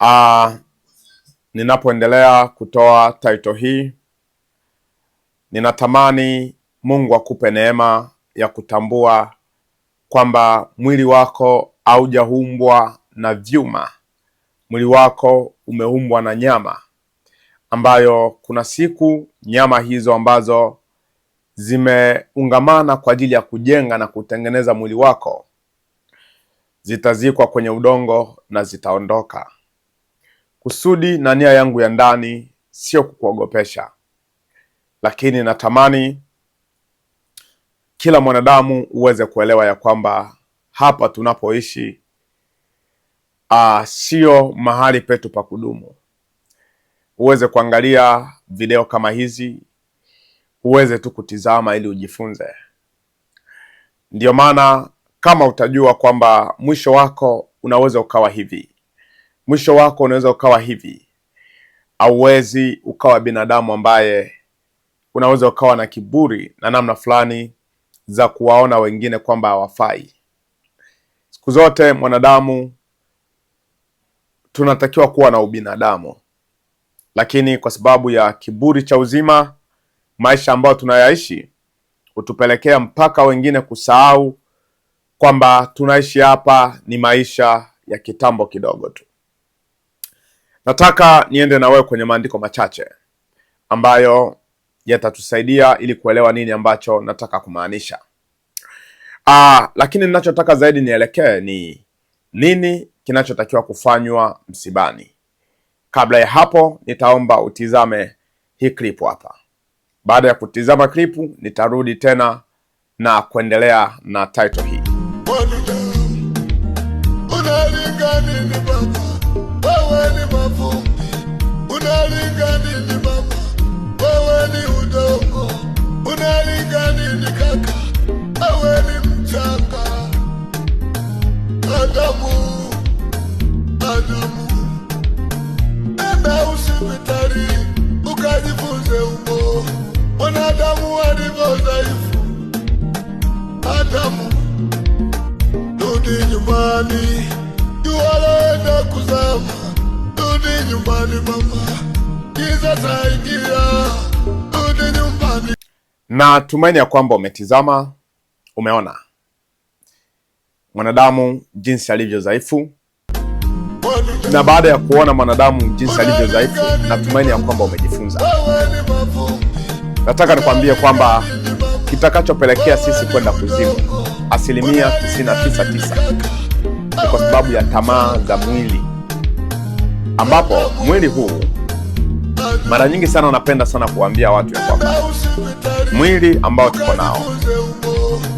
Uh, ninapoendelea kutoa title hii, ninatamani Mungu akupe neema ya kutambua kwamba mwili wako haujaumbwa na vyuma. Mwili wako umeumbwa na nyama, ambayo kuna siku nyama hizo ambazo zimeungamana kwa ajili ya kujenga na kutengeneza mwili wako zitazikwa kwenye udongo na zitaondoka. Kusudi na nia yangu ya ndani sio kukuogopesha, lakini natamani kila mwanadamu uweze kuelewa ya kwamba hapa tunapoishi uh, sio mahali petu pa kudumu. Uweze kuangalia video kama hizi, uweze tu kutizama ili ujifunze. Ndiyo maana kama utajua kwamba mwisho wako unaweza ukawa hivi mwisho wako unaweza ukawa hivi. Auwezi ukawa binadamu ambaye unaweza ukawa na kiburi na namna fulani za kuwaona wengine kwamba hawafai. Siku zote mwanadamu tunatakiwa kuwa na ubinadamu, lakini kwa sababu ya kiburi cha uzima, maisha ambayo tunayaishi hutupelekea mpaka wengine kusahau kwamba tunaishi hapa ni maisha ya kitambo kidogo tu. Nataka niende na wewe kwenye maandiko machache ambayo yatatusaidia ili kuelewa nini ambacho nataka kumaanisha. Aa, ah, lakini ninachotaka zaidi nielekee ni nini kinachotakiwa kufanywa msibani. Kabla ya hapo, nitaomba utizame hii klipu hapa. Baada ya kutizama klipu, nitarudi tena na kuendelea na title hii wewe ni mavumbi, unalinga nini mama, wewe ni udongo, unalinga nini kaka, wewe ni mchanga. Adamu, Adamu, enda usipitari ukajifunze umo mwanadamu alivyo dhaifu. Adamu, rudi nyumbani. nyumbani mama, giza zaingia, rudi nyumbani. Na tumaini ya kwamba umetizama, umeona mwanadamu jinsi alivyo dhaifu, na baada ya kuona mwanadamu jinsi alivyo dhaifu, natumaini ya kwamba umejifunza. Nataka nikwambie kwamba kitakachopelekea sisi kwenda kuzimu asilimia 99 ni kwa sababu ya tamaa za mwili ambapo mwili huu mara nyingi sana unapenda sana kuwaambia watu ya kwamba mwili ambao tuko nao,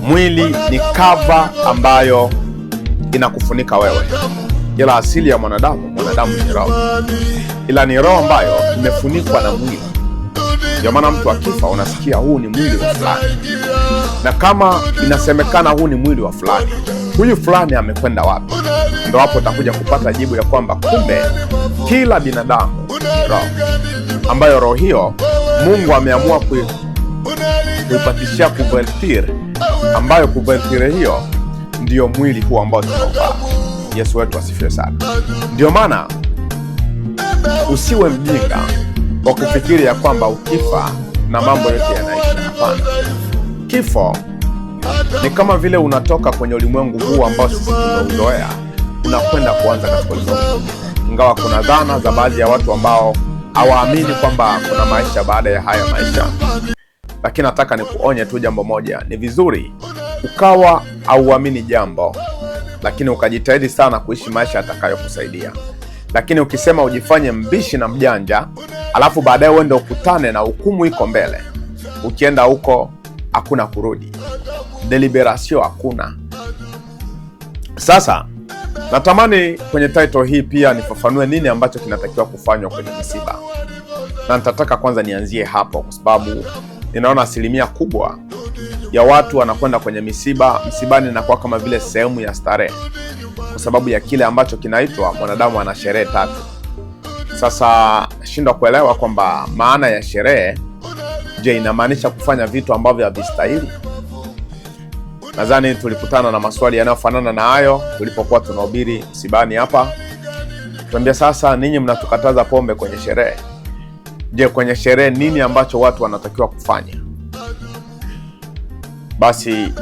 mwili ni kava ambayo inakufunika wewe, ila asili ya mwanadamu, mwanadamu ni roho, ila ni roho ambayo imefunikwa na mwili. Ndio maana mtu akifa unasikia huu ni mwili wa fulani, na kama inasemekana huu ni mwili wa fulani, huyu fulani amekwenda wapi? ndo hapo utakuja kupata jibu ya kwamba kumbe kila binadamu roho, ambayo roho hiyo Mungu ameamua kuipatishia kuvertire, ambayo kuvertire hiyo ndiyo mwili huu ambao tunaovaa. Yesu wetu asifiwe sana. Ndiyo maana usiwe mjinga wa kufikiri ya kwamba ukifa na mambo yote yanaisha. Hapana, kifo ni kama vile unatoka kwenye ulimwengu huu ambao sisi tumeuzoea unakwenda kuanza katika ulimwengu, ingawa kuna dhana za baadhi ya watu ambao hawaamini kwamba kuna maisha baada ya haya maisha. Lakini nataka nikuonye tu jambo moja, ni vizuri ukawa hauamini jambo, lakini ukajitahidi sana kuishi maisha yatakayokusaidia. Lakini ukisema ujifanye mbishi na mjanja, alafu baadaye uende ukutane na hukumu iko mbele, ukienda huko hakuna kurudi, deliberasio hakuna. Sasa Natamani kwenye title hii pia nifafanue nini ambacho kinatakiwa kufanywa kwenye misiba, na nitataka kwanza nianzie hapo, kwa sababu ninaona asilimia kubwa ya watu wanakwenda kwenye misiba. Msibani inakuwa kama vile sehemu ya starehe, kwa sababu ya kile ambacho kinaitwa mwanadamu ana sherehe tatu. Sasa nashindwa kuelewa kwamba maana ya sherehe, je, inamaanisha kufanya vitu ambavyo havistahili? Nadhani tulikutana na maswali yanayofanana na hayo tulipokuwa tunahubiri msibani hapa. Tuambia sasa, ninyi mnatukataza pombe kwenye sherehe. Je, kwenye sherehe nini ambacho watu wanatakiwa kufanya? Basi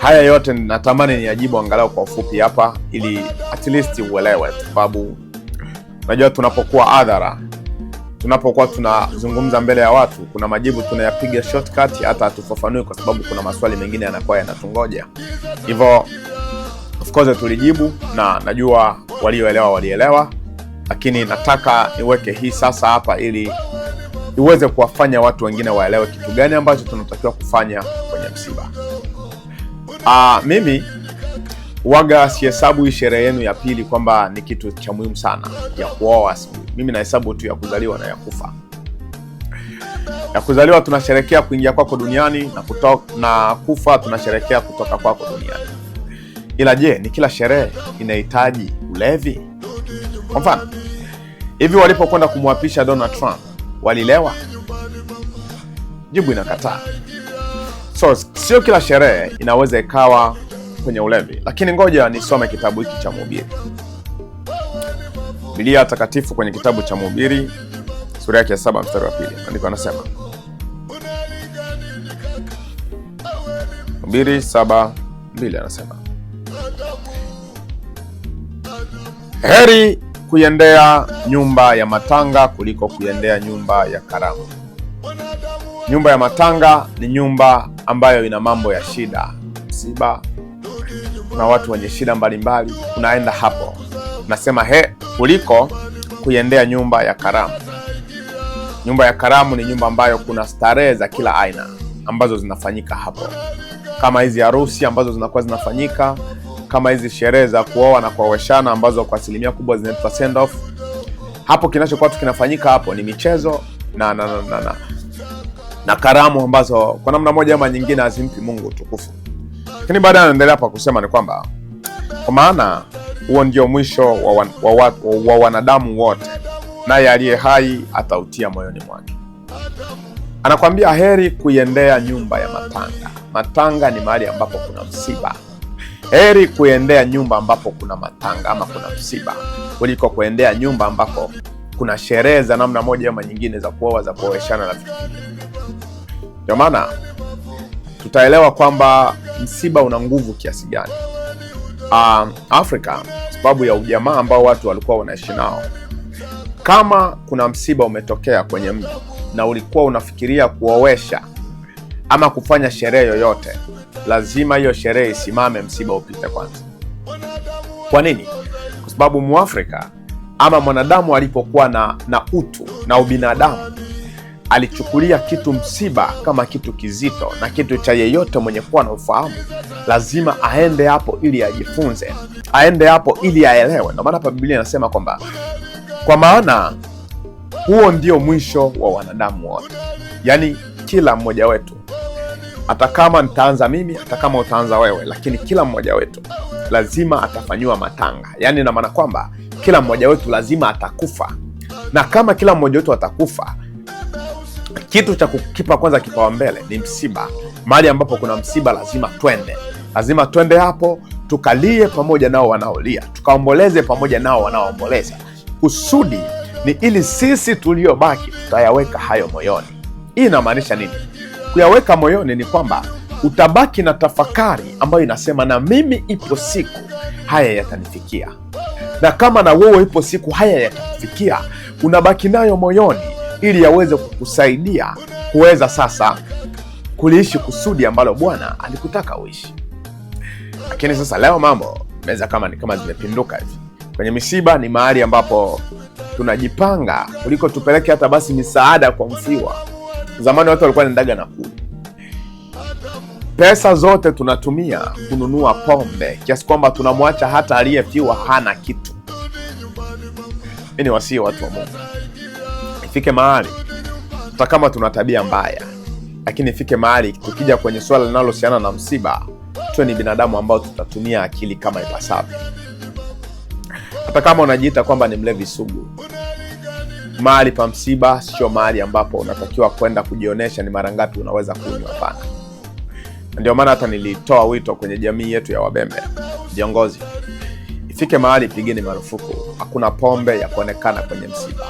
haya yote natamani ni ajibu angalau kwa ufupi hapa, ili at least uelewe, kwa sababu najua tunapokuwa hadhara tunapokuwa tunazungumza mbele ya watu, kuna majibu tunayapiga shortcut, hata hatufafanui kwa sababu kuna maswali mengine yanakuwa yanatungoja. Hivyo of course tulijibu, na najua walioelewa walielewa, lakini nataka niweke hii sasa hapa ili iweze kuwafanya watu wengine waelewe kitu gani ambacho tunatakiwa kufanya kwenye msiba. Aa, ah, mimi waga sihesabu hii sherehe yenu ya pili kwamba ni kitu cha muhimu sana ya kuoa. Mimi nahesabu tu ya kuzaliwa na ya kufa. Ya kuzaliwa tunasherekea kuingia kwako duniani na, kutok, na kufa tunasherekea kutoka kwako duniani. Ila je, ni kila sherehe inahitaji ulevi? Kwa mfano hivi, walipokwenda kumwapisha Donald Trump walilewa? Jibu inakataa. So sio kila sherehe inaweza ikawa kwenye ulevi, lakini ngoja nisome kitabu hiki cha Mhubiri. Biblia Takatifu kwenye kitabu cha Mhubiri sura yake ya saba mstari wa pili andiko anasema Mhubiri saba mbili anasema heri kuiendea nyumba ya matanga kuliko kuiendea nyumba ya karamu. Nyumba ya matanga ni nyumba ambayo ina mambo ya shida, msiba kuna watu wenye shida mbalimbali, unaenda hapo, nasema he, kuliko kuiendea nyumba ya karamu. Nyumba ya karamu ni nyumba ambayo kuna starehe za kila aina ambazo zinafanyika hapo, kama hizi harusi ambazo zinakuwa zinafanyika, kama hizi sherehe za kuoa na kuoweshana ambazo kwa asilimia kubwa zinaitwa send off. Hapo kinachokuwa tu kinafanyika hapo ni michezo na, na, na, na, na, na karamu ambazo kwa namna moja ama nyingine hazimpi Mungu utukufu. Lakini baada anaendelea hapa kusema ni kwamba kwa maana huo ndio mwisho wa, wan, wa, wa, wa wanadamu wote, naye aliye hai atautia moyoni mwake. Anakwambia heri kuiendea nyumba ya matanga. Matanga ni mahali ambapo kuna msiba. Heri kuendea nyumba ambapo kuna matanga ama kuna msiba kuliko kuendea nyumba ambako kuna sherehe za namna moja ama nyingine za kuoa, za kuoeshana na vitu. Ndio maana tutaelewa kwamba msiba una nguvu kiasi gani. Um, Afrika sababu ya ujamaa ambao watu walikuwa wanaishi nao, kama kuna msiba umetokea kwenye mji na ulikuwa unafikiria kuowesha ama kufanya sherehe yoyote, lazima hiyo sherehe isimame, msiba upite kwanza. Kwa nini? Kwa sababu Mwafrika ama mwanadamu alipokuwa na, na utu na ubinadamu alichukulia kitu msiba kama kitu kizito na kitu cha yeyote mwenye kuwa na ufahamu lazima aende hapo ili ajifunze, aende hapo ili aelewe. Ndio maana hapa Biblia inasema kwamba kwa maana huo ndio mwisho wa wanadamu wote, yaani kila mmoja wetu, hata kama nitaanza mimi, hata kama utaanza wewe, lakini kila mmoja wetu lazima atafanyiwa matanga, yaani na maana kwamba kila mmoja wetu lazima atakufa, na kama kila mmoja wetu atakufa kitu cha kukipa kwanza kipaumbele ni msiba. Mahali ambapo kuna msiba, lazima twende, lazima twende hapo tukalie pamoja nao wanaolia, tukaomboleze pamoja nao wanaoomboleza. Kusudi ni ili sisi tuliobaki tutayaweka hayo moyoni. Hii inamaanisha nini? Kuyaweka moyoni ni kwamba utabaki na tafakari ambayo inasema, na mimi ipo siku haya yatanifikia, na kama na wewe ipo siku haya yatakufikia, unabaki nayo moyoni ili yaweze kukusaidia kuweza sasa kuliishi kusudi ambalo Bwana alikutaka uishi. Lakini sasa leo mambo meza kama ni kama zimepinduka hivi. Kwenye misiba ni mahali ambapo tunajipanga kuliko tupeleke hata basi misaada kwa mfiwa. Zamani watu walikuwa naendaga na kuu Pesa zote tunatumia kununua pombe kiasi kwamba tunamwacha hata aliyefiwa hana kitu. Mi ni wasii watu wa Mungu ifike mahali hata kama tuna tabia mbaya, lakini fike mahali tukija kwenye swala linalohusiana na msiba, tuwe ni binadamu ambao tutatumia akili kama ipasavyo. Hata kama unajiita kwamba ni mlevi sugu, mahali pa msiba sio mahali ambapo unatakiwa kwenda kujionyesha ni mara ngapi unaweza kunywa. Hapana. Ndio maana hata nilitoa wito kwenye jamii yetu ya Wabembe, viongozi, ifike mahali pigeni marufuku, hakuna pombe ya kuonekana kwenye msiba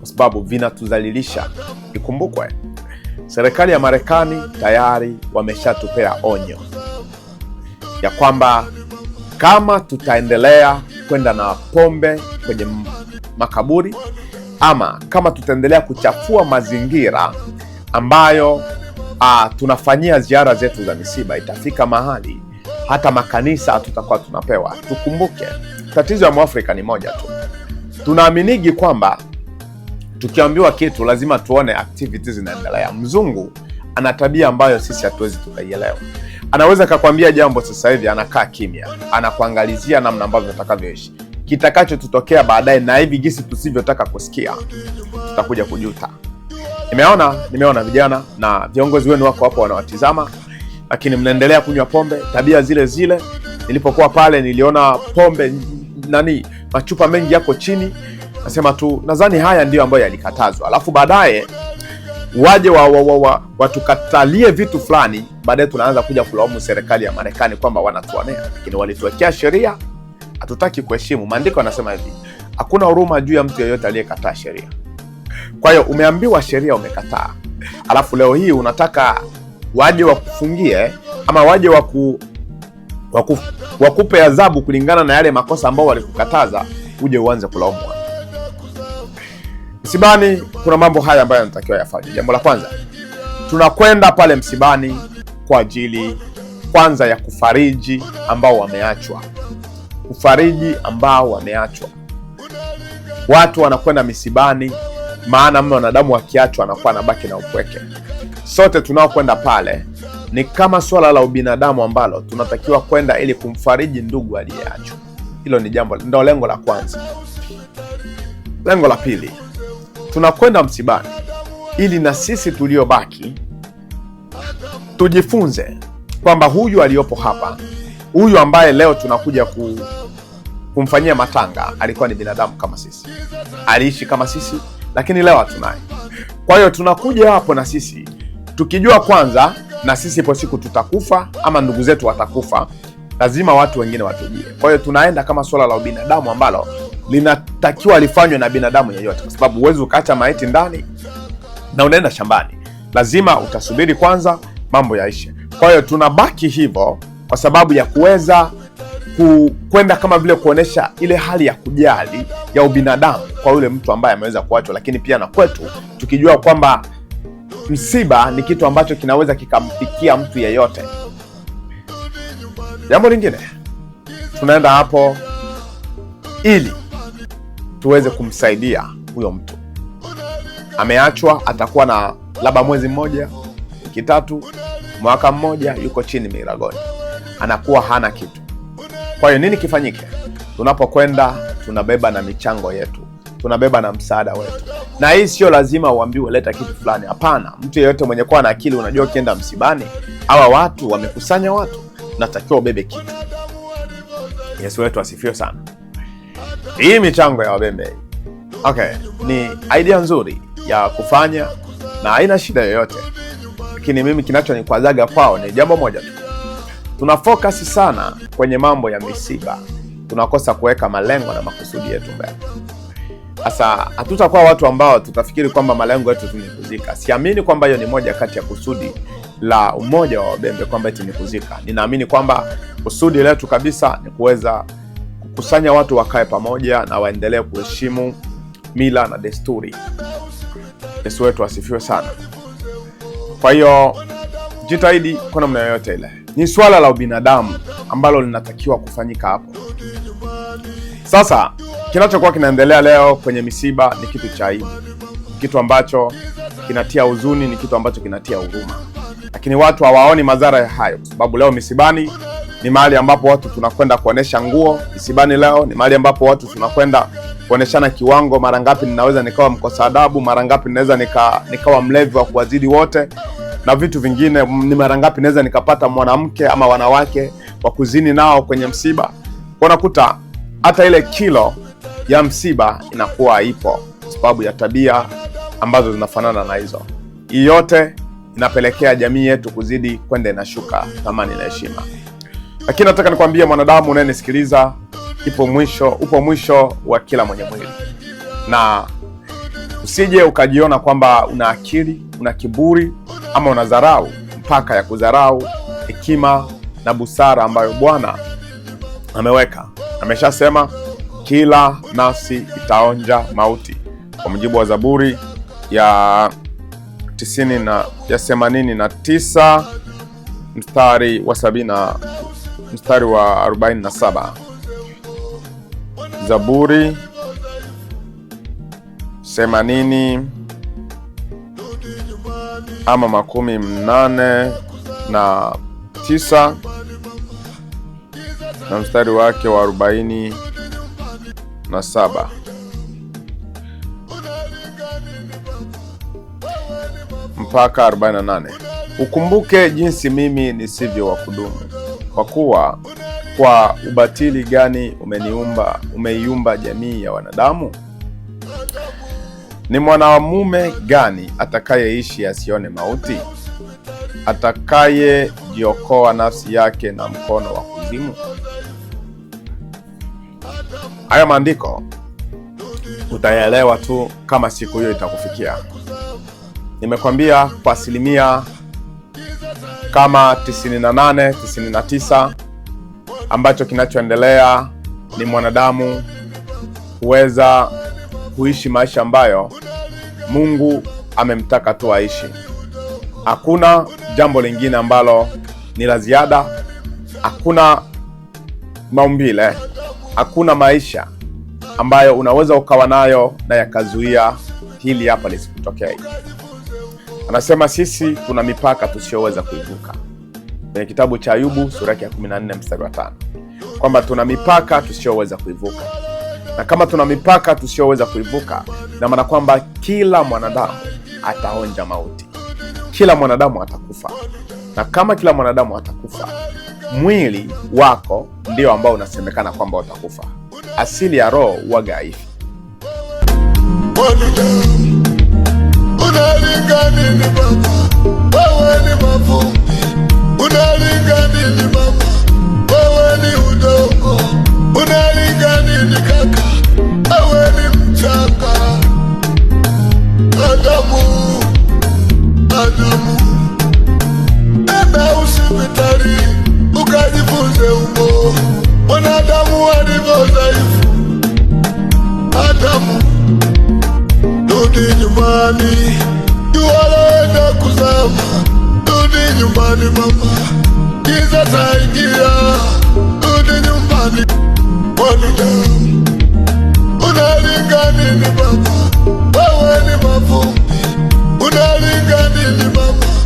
kwa sababu vinatuzalilisha. Ikumbukwe serikali ya Marekani tayari wameshatupea onyo ya kwamba kama tutaendelea kwenda na pombe kwenye makaburi ama kama tutaendelea kuchafua mazingira ambayo a, tunafanyia ziara zetu za misiba, itafika mahali hata makanisa tutakuwa tunapewa. Tukumbuke tatizo ya mwafrika ni moja tu, tunaaminigi kwamba tukiambiwa kitu lazima tuone activities zinaendelea. Mzungu ana tabia ambayo sisi hatuwezi tukaielewa. Anaweza akakwambia jambo sasa hivi, anakaa kimya, anakuangalizia namna ambavyo atakavyoishi. Kitakachotutokea baadaye na hivi gisi tusivyotaka kusikia, tutakuja kujuta. Nimeona nimeona vijana na viongozi wenu wako hapo wanawatizama, lakini mnaendelea kunywa pombe, tabia zile zile. Nilipokuwa pale niliona pombe nani, machupa mengi yako chini Nasema tu nadhani haya ndiyo ambayo yalikatazwa, alafu baadaye waje wa, wa, wa, wa, watukatalie vitu fulani, baadaye tunaanza kuja kulaumu serikali ya Marekani kwamba wanatuonea, lakini walituwekea sheria, hatutaki kuheshimu. Maandiko yanasema hivi, hakuna huruma juu ya mtu yeyote aliyekataa sheria. Kwa hiyo umeambiwa sheria, umekataa, alafu leo hii unataka waje wakufungie ama waje waku, waku, wakupe adhabu kulingana na yale makosa ambao walikukataza, uje uanze kulaumu Msibani kuna mambo haya ambayo yanatakiwa yafanye. Jambo la kwanza, tunakwenda pale msibani kwa ajili kwanza ya kufariji ambao wameachwa, kufariji ambao wameachwa. Watu wanakwenda misibani, maana mno wanadamu akiachwa anakuwa anabaki na upweke. Sote tunaokwenda pale ni kama swala la ubinadamu ambalo tunatakiwa kwenda ili kumfariji ndugu aliyeachwa. Hilo ni jambo, ndo lengo la kwanza. Lengo la pili tunakwenda msibani ili na sisi tuliobaki tujifunze kwamba huyu aliyopo hapa, huyu ambaye leo tunakuja ku, kumfanyia matanga, alikuwa ni binadamu kama sisi, aliishi kama sisi, lakini leo hatunaye. Kwa hiyo tunakuja hapo na sisi tukijua kwanza, na sisi ipo siku tutakufa ama ndugu zetu watakufa, lazima watu wengine watujie. Kwa hiyo tunaenda kama swala la ubinadamu ambalo lina takiwa alifanywe na binadamu yeyote, kwa sababu huwezi ukaacha maiti ndani na unaenda shambani, lazima utasubiri kwanza mambo yaishe. Kwa hiyo tunabaki hivyo kwa sababu ya kuweza kwenda kama vile kuonesha ile hali ya kujali ya ubinadamu kwa yule mtu ambaye ameweza kuachwa, lakini pia na kwetu tukijua kwamba msiba ni kitu ambacho kinaweza kikamfikia mtu yeyote. Jambo lingine tunaenda hapo ili tuweze kumsaidia huyo mtu. Ameachwa, atakuwa na labda mwezi mmoja, wiki tatu, mwaka mmoja, yuko chini miragoni, anakuwa hana kitu. Kwa hiyo nini kifanyike? Tunapokwenda tunabeba na michango yetu, tunabeba na msaada wetu, na hii sio lazima uambiwe leta kitu fulani. Hapana, mtu yeyote mwenye kuwa na akili, unajua ukienda msibani, hawa watu wamekusanya watu, natakiwa ubebe kitu. Yesu wetu asifiwe sana. Hii michango ya wabembe okay, ni idea nzuri ya kufanya na haina shida yoyote, lakini mimi kinachonikwazaga kwao ni jambo moja tu, tuna focus sana kwenye mambo ya misiba, tunakosa kuweka malengo na makusudi yetu mbele. Sasa hatutakuwa watu ambao tutafikiri kwamba malengo yetu ni kuzika. Siamini kwamba hiyo ni moja kati ya kusudi la umoja wa wabembe kwamba eti ni kuzika. Ninaamini kwamba kusudi letu kabisa ni kuweza kukusanya watu wakae pamoja na waendelee kuheshimu mila na desturi. Yesu wetu asifiwe sana. Kwa hiyo jitahidi kwa namna yoyote ile, ni swala la ubinadamu ambalo linatakiwa kufanyika hapo. Sasa kinachokuwa kinaendelea leo kwenye misiba ni kitu cha aibu, kitu ambacho kinatia huzuni, ni kitu ambacho kinatia huruma, lakini watu hawaoni madhara ya hayo, kwa sababu leo misibani ni mahali ambapo watu tunakwenda kuonesha nguo isibani leo, ni mahali ambapo watu tunakwenda kuoneshana kiwango, mara ngapi ninaweza nikawa mkosa adabu, mara ngapi ninaweza nika, nikawa mlevi wa kuwazidi wote na vitu vingine, ni mara ngapi naweza nikapata mwanamke ama wanawake wa kuzini nao kwenye msiba. Unakuta hata ile kilo ya msiba inakuwa ipo sababu ya tabia ambazo zinafanana na hizo. Hii yote inapelekea jamii yetu kuzidi kwenda inashuka thamani na heshima. Lakini nataka nikwambie mwanadamu unayenisikiliza, ipo mwisho, upo mwisho wa kila mwenye mwili, na usije ukajiona kwamba una akili, una kiburi ama una dharau mpaka ya kudharau hekima na busara ambayo Bwana ameweka. Ameshasema kila nafsi itaonja mauti, kwa mujibu wa Zaburi ya tisini na ya themanini na tisa mstari wa sabini na mstari wa 47. Zaburi 80 ama makumi mnane na tisa na mstari wake wa 47 na saba. mpaka 48. Ukumbuke jinsi mimi nisivyo wa kudumu kwa kuwa kwa ubatili gani umeniumba umeiumba jamii ya wanadamu? Ni mwanamume gani atakayeishi asione mauti, atakayejiokoa nafsi yake na mkono wa kuzimu? Haya maandiko utayaelewa tu kama siku hiyo itakufikia. Nimekwambia kwa asilimia kama 98 99, ambacho kinachoendelea ni mwanadamu huweza kuishi maisha ambayo Mungu amemtaka tu aishi. Hakuna jambo lingine ambalo ni la ziada, hakuna maumbile, hakuna maisha ambayo unaweza ukawa nayo na yakazuia hili hapa lisikutokea. Anasema sisi tuna mipaka tusiyoweza kuivuka kwenye kitabu cha Ayubu sura ya 14 mstari wa tano kwamba tuna mipaka tusiyoweza kuivuka, na kama tuna mipaka tusiyoweza kuivuka, na maana kwamba kila mwanadamu ataonja mauti, kila mwanadamu atakufa. Na kama kila mwanadamu atakufa, mwili wako ndio ambao unasemekana kwamba utakufa. Asili ya roho waga haifi unalinga nini mama wewe ni mavumbi, unalinga nini mama, wewe ni udongo, unalinga nini kaka, wewe ni mchanga. Adamu, Adamu, enda hospitali ukajifunze umo mwanadamu alivyo dhaifu. Adamu, rudi nyumbani watu waloenda kuzama, rudi nyumbani mama, giza taingia, rudi nyumbani wanadamu. Unalinga nini baba, wewe ni mavumbi, unalinga nini baba